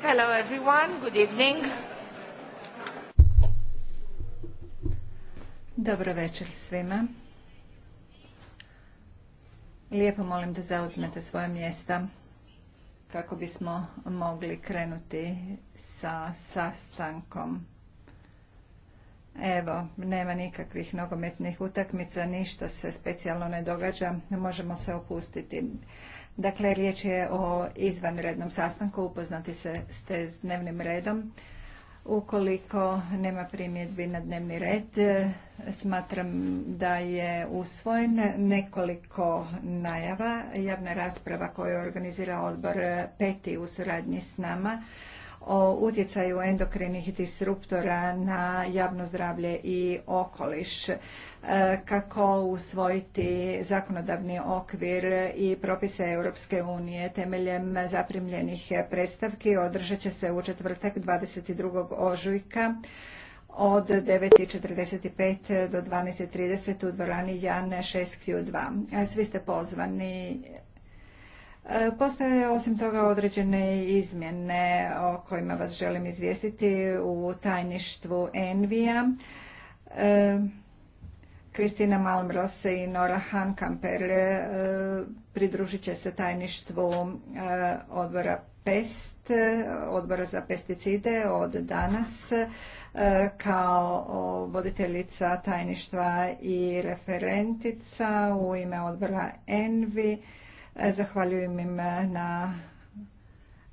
Hello everyone, good evening. Dobro večer svima. Lijepo molim da zauzmete svoje mjesta kako bismo mogli krenuti sa sastankom. Evo, nema nikakvih nogometnih utakmica, ništa se specijalno ne događa, možemo se opustiti. Dakle, riječ je o izvanrednom sastanku, upoznati se ste s dnevnim redom. Ukoliko nema primjedbi na dnevni red, smatram da je usvojen nekoliko najava. Javna rasprava koju organizira odbor peti u suradnji s nama o utjecaju endokrinih disruptora na javno zdravlje i okoliš, e, kako usvojiti zakonodavni okvir i propise Europske unije temeljem zaprimljenih predstavki održat će se u četvrtak 22. ožujka od 9.45 do 12.30 u dvorani Jan 6Q2. E, svi ste pozvani Postoje osim toga određene izmjene o kojima vas želim izvijestiti u tajništvu Envija. E, Kristina Malmros i Nora Hankamper e, pridružit će se tajništvu e, odbora PEST, odbora za pesticide od danas kao voditeljica tajništva i referentica u ime odbora ENVI Zahvaljujem im eh, na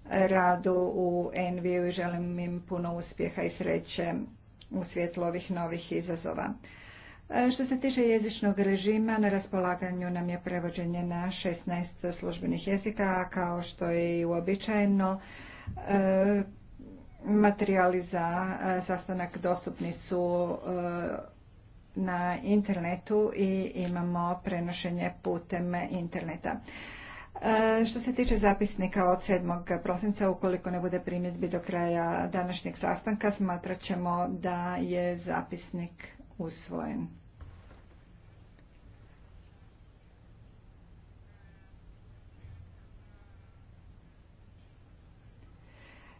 radu u Enviju i želim im puno uspjeha i sreće u svjetlu ovih novih izazova. Eh, što se tiče jezičnog režima, na raspolaganju nam je prevođenje na 16 službenih jezika, a kao što je i uobičajeno, eh, materijali za sastanak dostupni su na internetu i imamo prenošenje putem interneta. E, što se tiče zapisnika od 7. prosinca, ukoliko ne bude primjedbi do kraja današnjeg sastanka, smatrat ćemo da je zapisnik usvojen.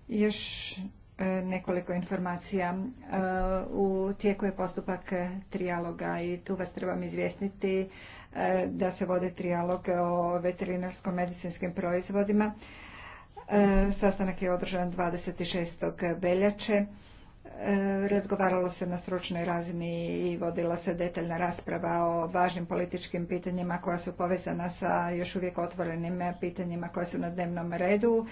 Još E, nekoliko informacija. E, u tijeku je postupak trijaloga i tu vas trebam izvijestiti e, da se vode trijalog o veterinarsko-medicinskim proizvodima. Sastanak je održan 26. veljače. Razgovaralo se na stručnoj razini i vodila se detaljna rasprava o važnim političkim pitanjima koja su povezana sa još uvijek otvorenim pitanjima koja su na dnevnom redu.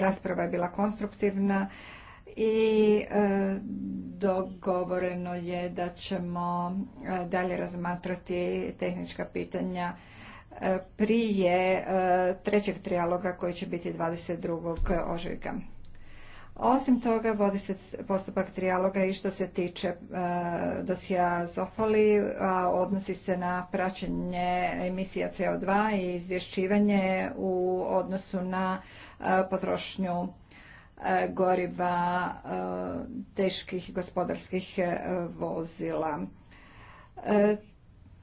Rasprava je bila konstruktivna i e, dogovoreno je da ćemo e, dalje razmatrati tehnička pitanja e, prije trećeg trijaloga koji će biti 22. ožujka. Osim toga, vodi se postupak trijaloga i što se tiče dosija Zofoli, a odnosi se na praćenje emisija CO2 i izvješćivanje u odnosu na potrošnju E, goriva e, teških gospodarskih e, vozila.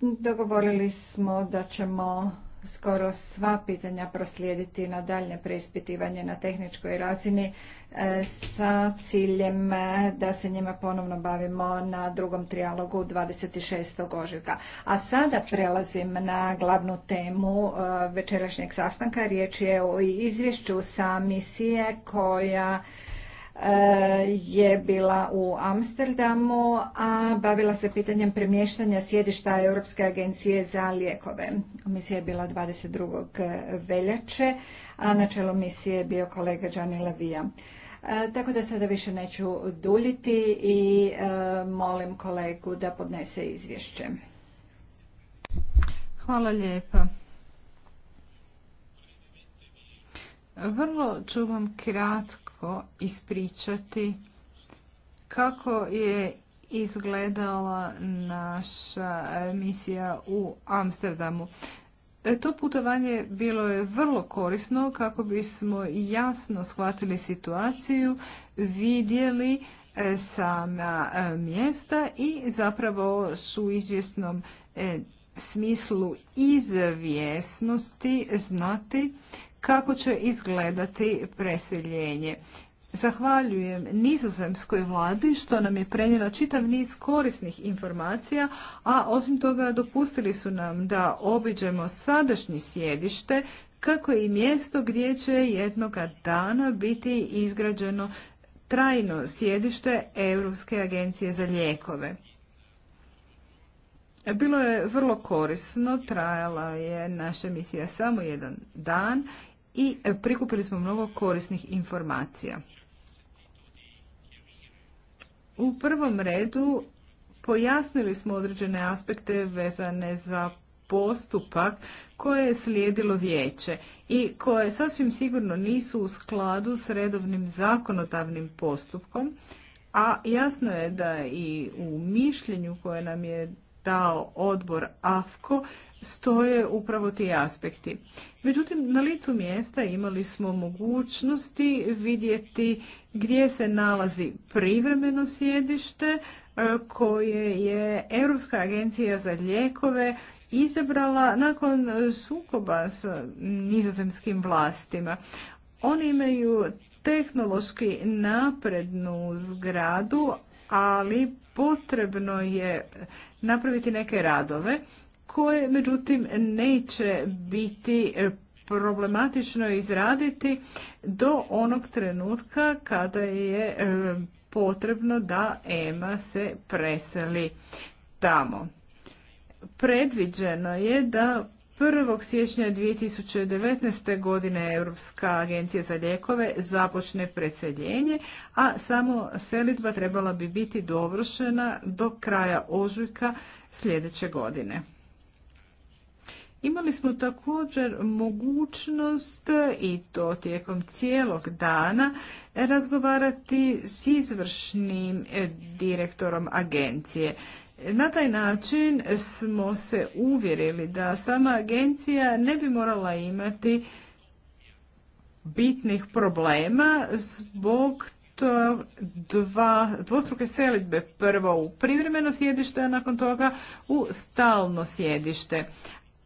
Dogovorili smo da ćemo skoro sva pitanja proslijediti na daljnje preispitivanje na tehničkoj razini e, sa ciljem e, da se njima ponovno bavimo na drugom trijalogu 26. ožujka. A sada prelazim na glavnu temu e, večerašnjeg sastanka. Riječ je o izvješću sa misije koja je bila u Amsterdamu, a bavila se pitanjem premještanja sjedišta Europske agencije za lijekove. Misija je bila 22. veljače, a na čelu misije je bio kolega Gianni Lavija. E, tako da sada više neću duljiti i e, molim kolegu da podnese izvješće. Hvala lijepa. Vrlo ću vam kratko ispričati kako je izgledala naša misija u Amsterdamu. E, to putovanje bilo je vrlo korisno kako bismo jasno shvatili situaciju, vidjeli e, sama e, mjesta i zapravo su izvjesnom smislu izvjesnosti znati kako će izgledati preseljenje. Zahvaljujem nizozemskoj vladi što nam je prenijela čitav niz korisnih informacija, a osim toga dopustili su nam da obiđemo sadašnje sjedište kako i mjesto gdje će jednoga dana biti izgrađeno trajno sjedište Europske agencije za lijekove. Bilo je vrlo korisno, trajala je naša emisija samo jedan dan i prikupili smo mnogo korisnih informacija. U prvom redu pojasnili smo određene aspekte vezane za postupak koje je slijedilo vijeće i koje sasvim sigurno nisu u skladu s redovnim zakonodavnim postupkom, a jasno je da i u mišljenju koje nam je dao odbor AFKO stoje upravo ti aspekti. Međutim, na licu mjesta imali smo mogućnosti vidjeti gdje se nalazi privremeno sjedište e, koje je Europska agencija za lijekove izabrala nakon sukoba s nizozemskim vlastima. Oni imaju tehnološki naprednu zgradu, ali potrebno je napraviti neke radove koje međutim neće biti problematično izraditi do onog trenutka kada je e, potrebno da EMA se preseli tamo. Predviđeno je da 1. siječnja 2019. godine Europska agencija za lijekove započne preseljenje, a samo selitba trebala bi biti dovršena do kraja ožujka sljedeće godine. Imali smo također mogućnost i to tijekom cijelog dana razgovarati s izvršnim direktorom agencije. Na taj način smo se uvjerili da sama agencija ne bi morala imati bitnih problema zbog to dva, dvostruke selitbe. Prvo u privremeno sjedište, a nakon toga u stalno sjedište.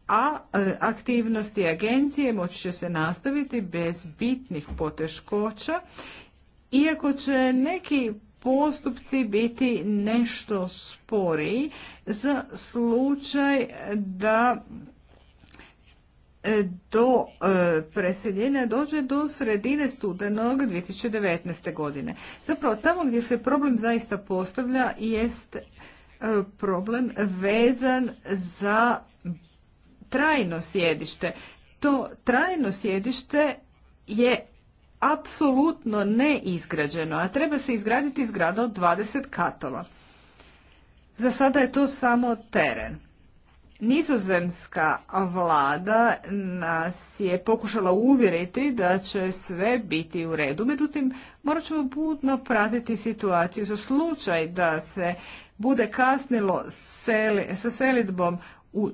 A e, aktivnosti agencije moći će se nastaviti bez bitnih poteškoća, iako će neki postupci biti nešto sporiji za slučaj da e, do e, preseljenja dođe do sredine studenog 2019. godine. Zapravo tamo gdje se problem zaista postavlja jest e, problem vezan za trajno sjedište. To trajno sjedište je apsolutno neizgrađeno, a treba se izgraditi zgrada od 20 katova. Za sada je to samo teren. Nizozemska vlada nas je pokušala uvjeriti da će sve biti u redu, međutim morat ćemo budno pratiti situaciju za slučaj da se bude kasnilo sa selitbom u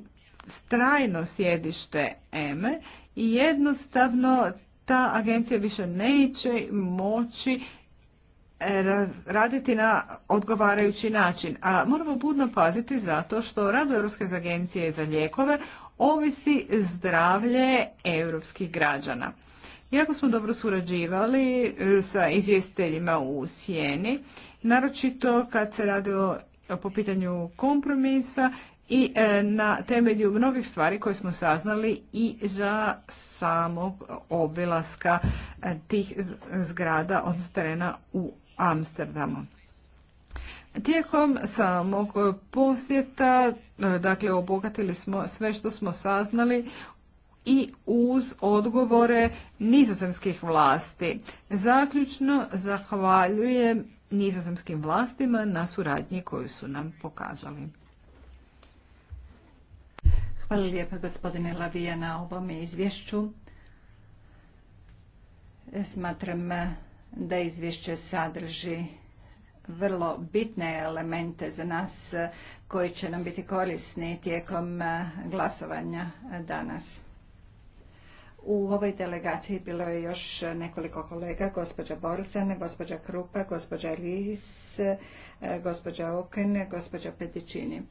trajno sjedište EME i jednostavno ta agencija više neće moći e, raditi na odgovarajući način. A moramo budno paziti zato što rad Europske agencije za lijekove ovisi zdravlje europskih građana. Iako smo dobro surađivali e, sa izvjestiteljima u Sjeni, naročito kad se radi o po pitanju kompromisa i e, na temelju mnogih stvari koje smo saznali i za samog obilaska e, tih zgrada od terena u Amsterdamu. Tijekom samog posjeta, e, dakle, obogatili smo sve što smo saznali i uz odgovore nizozemskih vlasti. Zaključno zahvaljujem nizozemskim vlastima na suradnji koju su nam pokazali. Hvala lijepa gospodine Lavija na ovom izvješću. Smatram da izvješće sadrži vrlo bitne elemente za nas koji će nam biti korisni tijekom glasovanja danas. U ovoj delegaciji bilo je još nekoliko kolega, gospođa Borsan, gospođa Krupa, gospođa Lis, gospođa Oken, gospođa Petičini.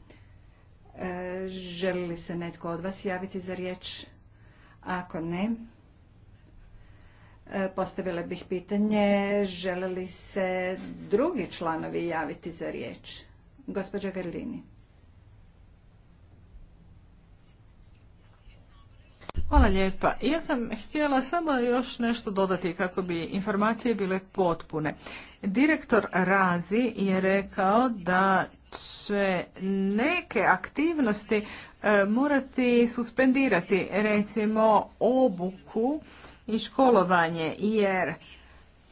E, želi li se netko od vas javiti za riječ? Ako ne, e, postavila bih pitanje žele li se drugi članovi javiti za riječ? Gospođa Grlini. Hvala lijepa. Ja sam htjela samo još nešto dodati kako bi informacije bile potpune. Direktor Razi je rekao da će neke aktivnosti e, morati suspendirati, recimo obuku i školovanje, jer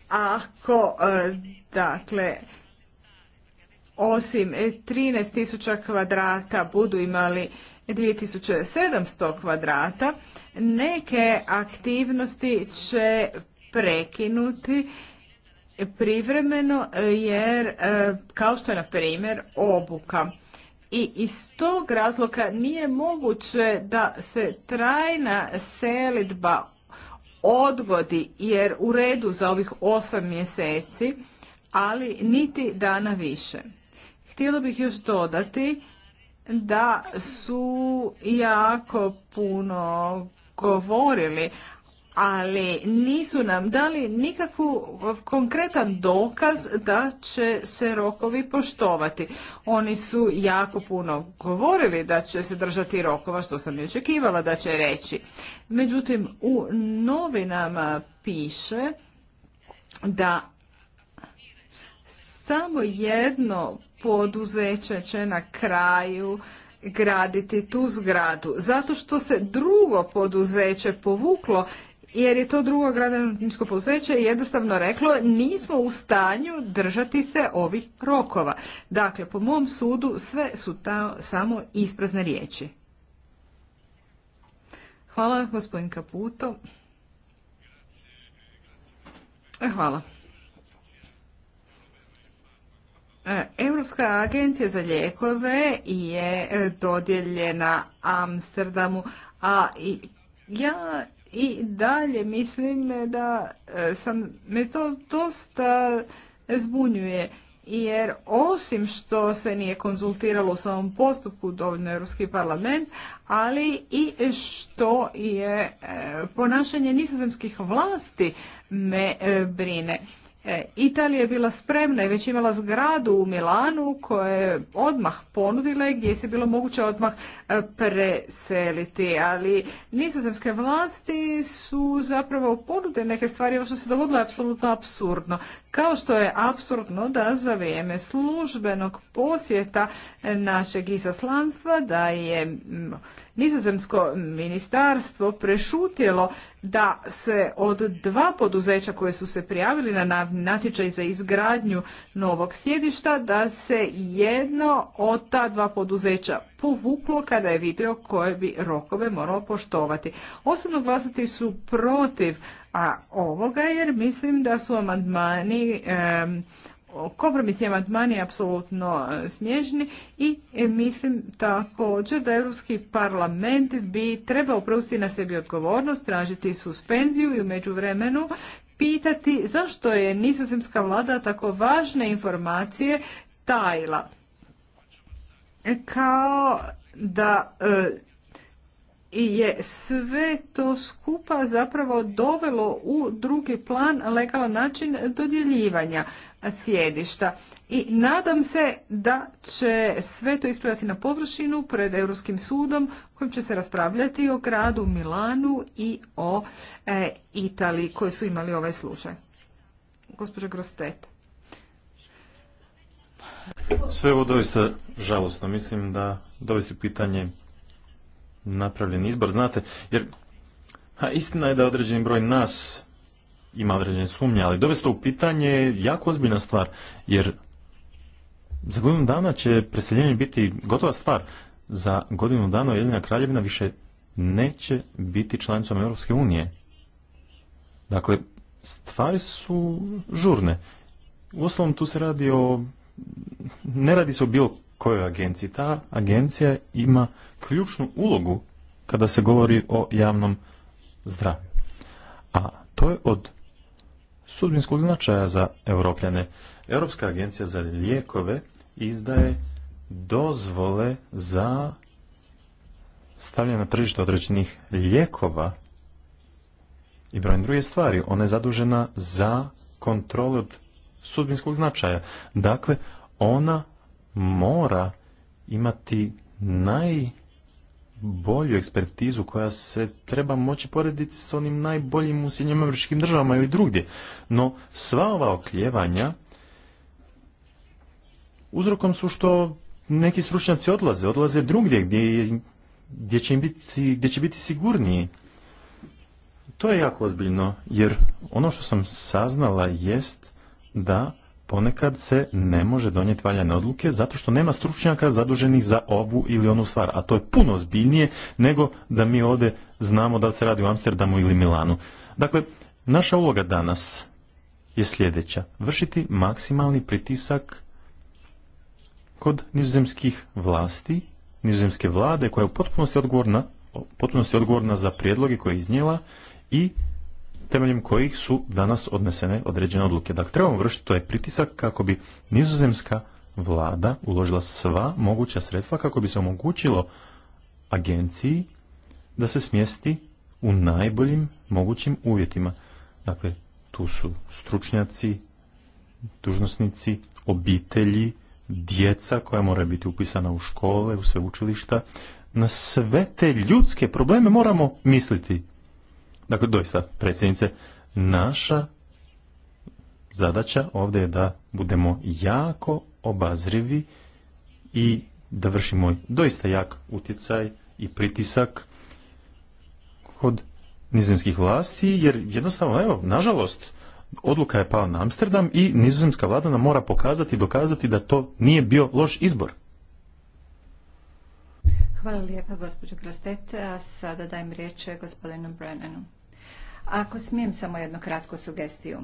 ako e, dakle osim 13.000 e, kvadrata budu imali 2700 kvadrata, neke aktivnosti će prekinuti privremeno e, jer e, kao što je na primjer obuka. I iz tog razloga nije moguće da se trajna selidba odgodi jer u redu za ovih 8 mjeseci, ali niti dana više. Htjela bih još dodati da su jako puno govorili, ali nisu nam dali nikakav konkretan dokaz da će se rokovi poštovati. Oni su jako puno govorili da će se držati rokova, što sam i očekivala da će reći. Međutim, u novinama piše da samo jedno poduzeće će na kraju graditi tu zgradu zato što se drugo poduzeće povuklo jer je to drugo građevinsko poduzeće jednostavno reklo nismo u stanju držati se ovih rokova. Dakle, po mom sudu sve su ta samo isprazne riječi. Hvala gospodin Kaputo. E, hvala. E, Europska agencija za lijekove je e, dodjeljena Amsterdamu, a ja i dalje mislim da e, sam, me to dosta zbunjuje jer osim što se nije konzultiralo u samom postupku dovoljno Europski parlament, ali i što je ponašanje nizozemskih vlasti me brine. E, Italija je bila spremna i već imala zgradu u Milanu koja je odmah ponudila i gdje se bilo moguće odmah e, preseliti, ali nizozemske vlasti su zapravo ponude neke stvari, ovo što se dogodilo je apsolutno absurdno. Kao što je absurdno da za vrijeme službenog posjeta našeg izaslanstva da je nizozemsko ministarstvo prešutjelo da se od dva poduzeća koje su se prijavili na natječaj za izgradnju novog sjedišta, da se jedno od ta dva poduzeća povuklo kada je vidio koje bi rokove moralo poštovati. Osobno glasati su protiv a ovoga jer mislim da su amandmani kompromisni amandmani apsolutno e, smiješni i e, mislim također da Europski parlament bi trebao preuzeti na sebi odgovornost, tražiti suspenziju i u međuvremenu pitati zašto je nizozemska vlada tako važne informacije tajila. E, kao da je sve to skupa zapravo dovelo u drugi plan legalan način dodjeljivanja sjedišta. I nadam se da će sve to ispraviti na površinu pred Europskim sudom kojim će se raspravljati o gradu Milanu i o e, Italiji koji su imali ovaj slučaj. Gospođa Grostet. Sve ovo doista žalosno. Mislim da dovesti pitanje napravljen izbor. Znate, jer a istina je da određeni broj nas ima određene sumnje, ali dovesti u pitanje je jako ozbiljna stvar, jer za godinu dana će preseljenje biti gotova stvar. Za godinu dana Jedina kraljevina više neće biti članicom Europske unije. Dakle, stvari su žurne. Uostalom tu se radi o ne radi se o bilo kojoj agenciji. Ta agencija ima ključnu ulogu kada se govori o javnom zdravlju. A to je od sudbinskog značaja za europljane. Europska agencija za lijekove izdaje dozvole za stavljanje na tržište određenih lijekova i brojne druge stvari. Ona je zadužena za kontrolu od sudbinskog značaja. Dakle, ona mora imati naj bolju ekspertizu koja se treba moći porediti s onim najboljim u Sjednjim američkim državama ili drugdje. No, sva ova okljevanja uzrokom su što neki stručnjaci odlaze, odlaze drugdje gdje, gdje, će, biti, gdje će biti sigurniji. To je jako ozbiljno, jer ono što sam saznala jest da ponekad se ne može donijeti valjane odluke zato što nema stručnjaka zaduženih za ovu ili onu stvar. A to je puno zbiljnije nego da mi ovdje znamo da li se radi u Amsterdamu ili Milanu. Dakle, naša uloga danas je sljedeća. Vršiti maksimalni pritisak kod nizozemskih vlasti, nizozemske vlade koja je u potpunosti odgovorna, potpunosti odgovorna za prijedloge koje je iznijela i temeljem kojih su danas odnesene određene odluke. Dakle, trebamo vršiti to je pritisak kako bi nizozemska vlada uložila sva moguća sredstva kako bi se omogućilo agenciji da se smjesti u najboljim mogućim uvjetima. Dakle, tu su stručnjaci, dužnosnici, obitelji, djeca koja moraju biti upisana u škole, u sve učilišta. Na sve te ljudske probleme moramo misliti Dakle, doista, predsjednice, naša zadaća ovdje je da budemo jako obazrivi i da vršimo doista jak utjecaj i pritisak kod nizozemskih vlasti, jer jednostavno, evo, nažalost, odluka je pala na Amsterdam i nizozemska vlada nam mora pokazati i dokazati da to nije bio loš izbor. Hvala lijepa, gospođo Krastet. A sada dajem riječ gospodinu Brennanu. Ako smijem samo jednu kratku sugestiju.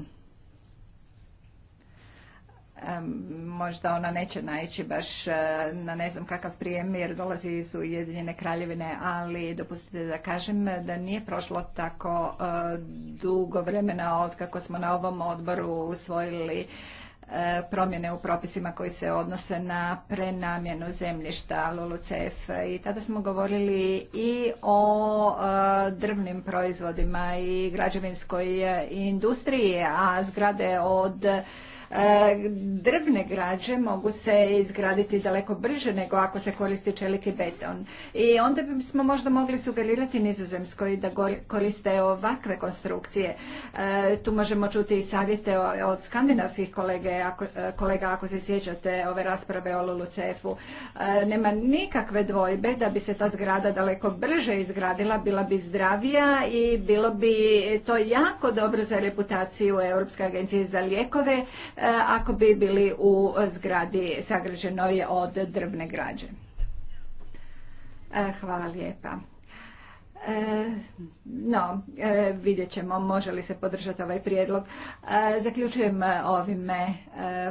Možda ona neće naići baš e, na ne znam kakav prijem jer dolazi iz Ujedinjene kraljevine, ali dopustite da kažem da nije prošlo tako e, dugo vremena od kako smo na ovom odboru usvojili E, promjene u propisima koji se odnose na prenamjenu zemljišta LULUCF i tada smo govorili i o e, drvnim proizvodima i građevinskoj e, industriji, a zgrade od drvne građe mogu se izgraditi daleko brže nego ako se koristi čelik i beton. I onda bismo možda mogli sugerirati nizozemskoj da koriste ovakve konstrukcije. Tu možemo čuti i savjete od skandinavskih kolega ako, e, kolega, ako se sjećate ove rasprave o Lulucefu. E, nema nikakve dvojbe da bi se ta zgrada daleko brže izgradila, bila bi zdravija i bilo bi to jako dobro za reputaciju Europske agencije za lijekove e, ako bi bili u zgradi sagrađenoj od drvne građe. Hvala lijepa. E, no, e, vidjet ćemo može li se podržati ovaj prijedlog. E, zaključujem ovime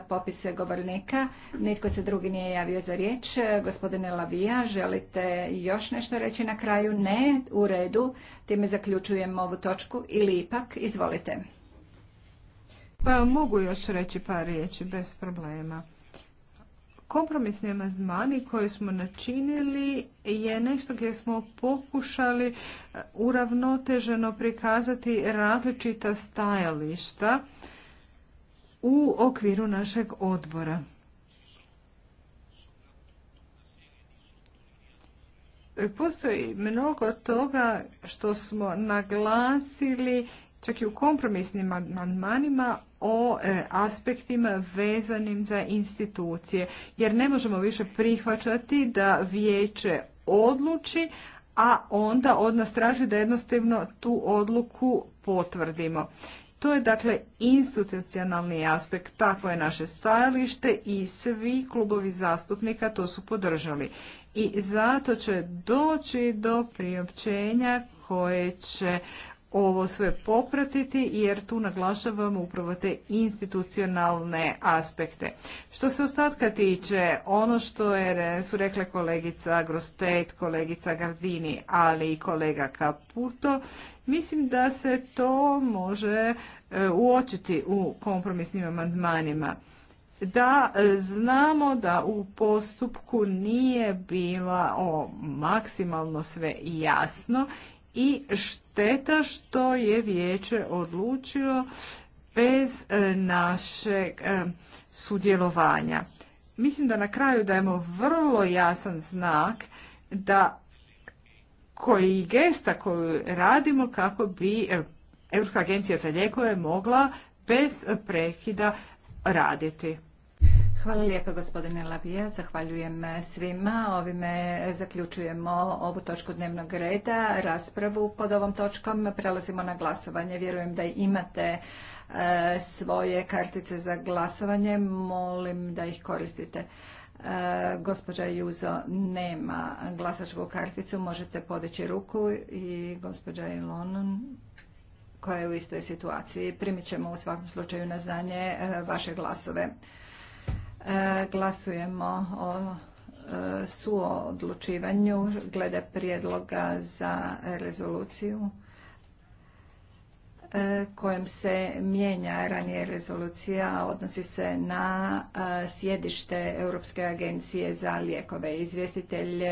popise govornika. Nitko se drugi nije javio za riječ. Gospodine Lavija, želite još nešto reći na kraju? Ne, u redu. Time zaključujem ovu točku ili ipak izvolite. Pa mogu još reći par riječi bez problema. Kompromisni amazmani koje smo načinili je nešto gdje smo pokušali e, uravnoteženo prikazati različita stajališta u okviru našeg odbora. E, postoji mnogo toga što smo naglasili čak i u kompromisnim amandmanima o e, aspektima vezanim za institucije. Jer ne možemo više prihvaćati da vijeće odluči, a onda od nas traži da jednostavno tu odluku potvrdimo. To je dakle institucionalni aspekt, tako je naše stajalište i svi klubovi zastupnika to su podržali. I zato će doći do priopćenja koje će ovo sve popratiti jer tu naglašavamo upravo te institucionalne aspekte. Što se ostatka tiče, ono što je, su rekle kolegica Grostet, kolegica Gardini, ali i kolega Caputo, mislim da se to može e, uočiti u kompromisnim amandmanima da e, znamo da u postupku nije bila o maksimalno sve jasno i šteta što je vijeće odlučio bez e, našeg e, sudjelovanja. Mislim da na kraju dajemo vrlo jasan znak da koji gesta koju radimo kako bi e, Europska agencija za lijekove mogla bez prekida raditi. Hvala lijepo, gospodine Lavija, zahvaljujem svima. Ovime zaključujemo ovu točku dnevnog reda, raspravu pod ovom točkom. Prelazimo na glasovanje. Vjerujem da imate e, svoje kartice za glasovanje. Molim da ih koristite. E, gospođa Juzo nema glasačku karticu, možete podići ruku i gospođa Ilonon koja je u istoj situaciji. Primit ćemo u svakom slučaju na znanje e, vaše glasove. E, glasujemo o e, suodlučivanju glede prijedloga za rezoluciju e, kojem se mijenja ranije rezolucija, odnosi se na sjedište Europske agencije za lijekove. Izvjestitelj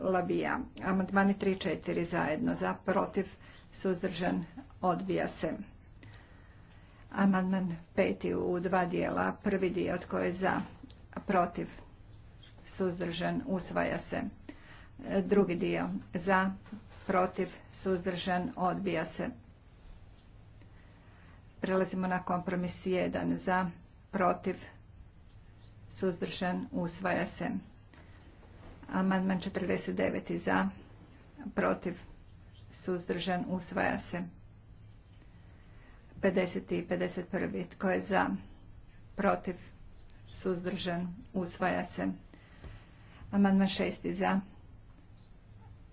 Labija. Amandmani 3 4 zajedno za, protiv, suzdržan, odbija se. Amandman peti u dva dijela. Prvi dio tko je za, protiv, suzdržan, usvaja se. E, drugi dio za, protiv, suzdržan, odbija se. Prelazimo na kompromis jedan. Za, protiv, suzdržan, usvaja se. Amandman 49. Za, protiv, suzdržan, usvaja se. 50. i 51. Tko je za? Protiv? Suzdržan? Usvaja se. Amandman 6. Za?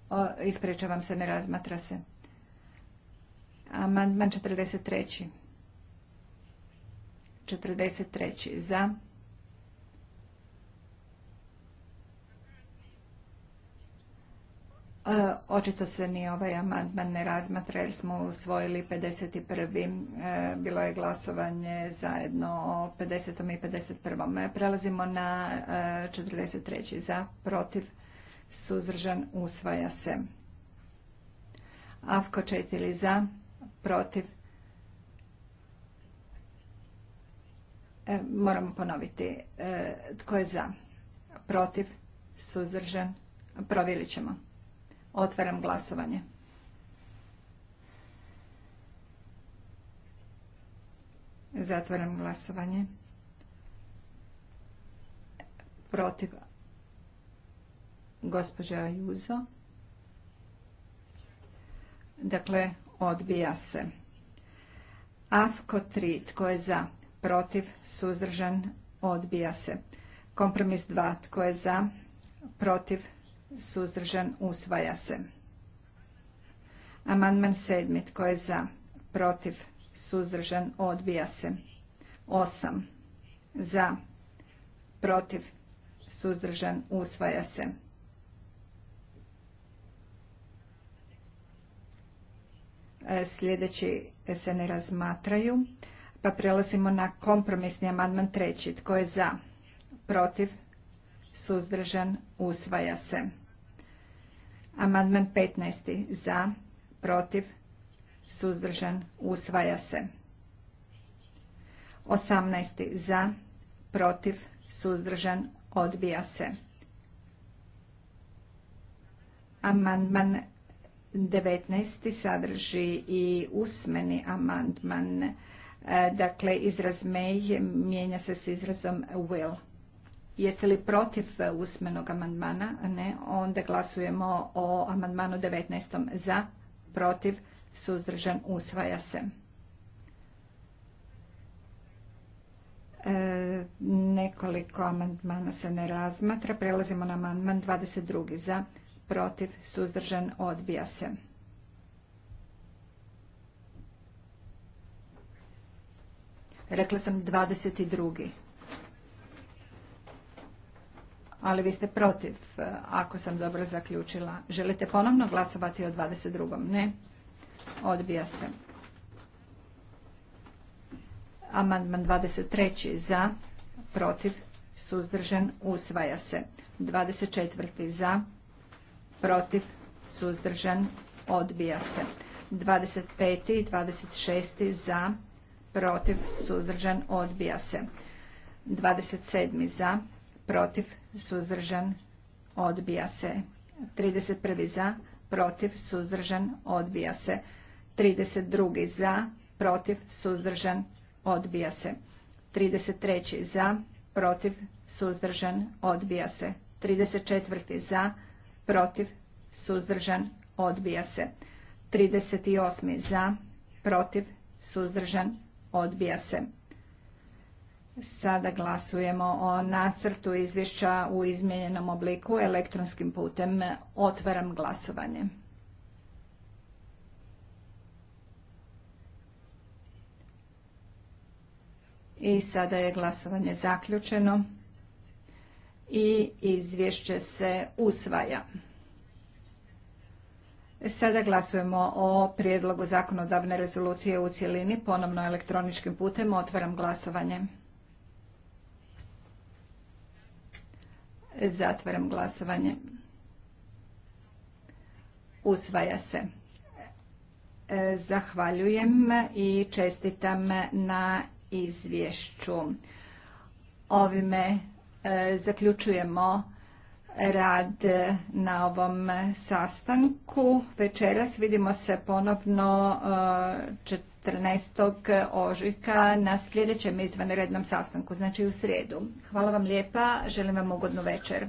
O, isprečavam se, ne razmatra se. Amandman 43. 43. Za? E, očito se ni ovaj amandman ne razmatra jer smo usvojili 51. E, bilo je glasovanje zajedno o 50. i 51. E, prelazimo na 43. Za, protiv, suzdržan, usvaja se. Avko četiri za, protiv. E, moramo ponoviti. tko je za, protiv, suzdržan, provjerit ćemo. Otvaram glasovanje. Zatvaram glasovanje. Protiv gospođa Juzo. Dakle, odbija se. AFKO 3. Tko je za? Protiv? Suzdržan? Odbija se. Kompromis 2. Tko je za? Protiv? suzdržan, usvaja se. Amandman sedmi, tko je za, protiv, suzdržan, odbija se. Osam, za, protiv, suzdržan, usvaja se. E, sljedeći se ne razmatraju, pa prelazimo na kompromisni amandman treći. Tko je za, protiv, suzdržan, usvaja se. Amandman 15. za, protiv, suzdržan, usvaja se. 18. za, protiv, suzdržan, odbija se. Amandman 19. sadrži i usmeni amandman. E, dakle, izraz may mijenja se s izrazom will. Jeste li protiv usmenog amandmana? Ne. Onda glasujemo o amandmanu 19. za, protiv, suzdržan, usvaja se. E, nekoliko amandmana se ne razmatra. Prelazimo na amandman 22. za, protiv, suzdržan, odbija se. Rekla sam 22 ali vi ste protiv, eh, ako sam dobro zaključila. Želite ponovno glasovati o 22. Ne. Odbija se. Amandman 23. za, protiv, suzdržan, usvaja se. 24. za, protiv, suzdržan, odbija se. 25. i 26. za, protiv, suzdržan, odbija se. 27. za, protiv, suzdržan, odbija se. 31. za, protiv, suzdržan, odbija se. 32. za, protiv, suzdržan, odbija se. 33. za, protiv, suzdržan, odbija se. 34. za, protiv, suzdržan, odbija se. 38. za, protiv, suzdržan, odbija se. Sada glasujemo o nacrtu izvješća u izmijenjenom obliku elektronskim putem. Otvaram glasovanje. I sada je glasovanje zaključeno i izvješće se usvaja. Sada glasujemo o prijedlogu zakonodavne rezolucije u cjelini ponovno elektroničkim putem. Otvaram glasovanje. Zatvaram glasovanje. Usvaja se. E, zahvaljujem i čestitam na izvješću. Ovime e, zaključujemo rad na ovom sastanku. Večeras vidimo se ponovno e, 14. ožujka na sljedećem izvanrednom sastanku, znači u srijedu. Hvala vam lijepa, želim vam ugodnu večer.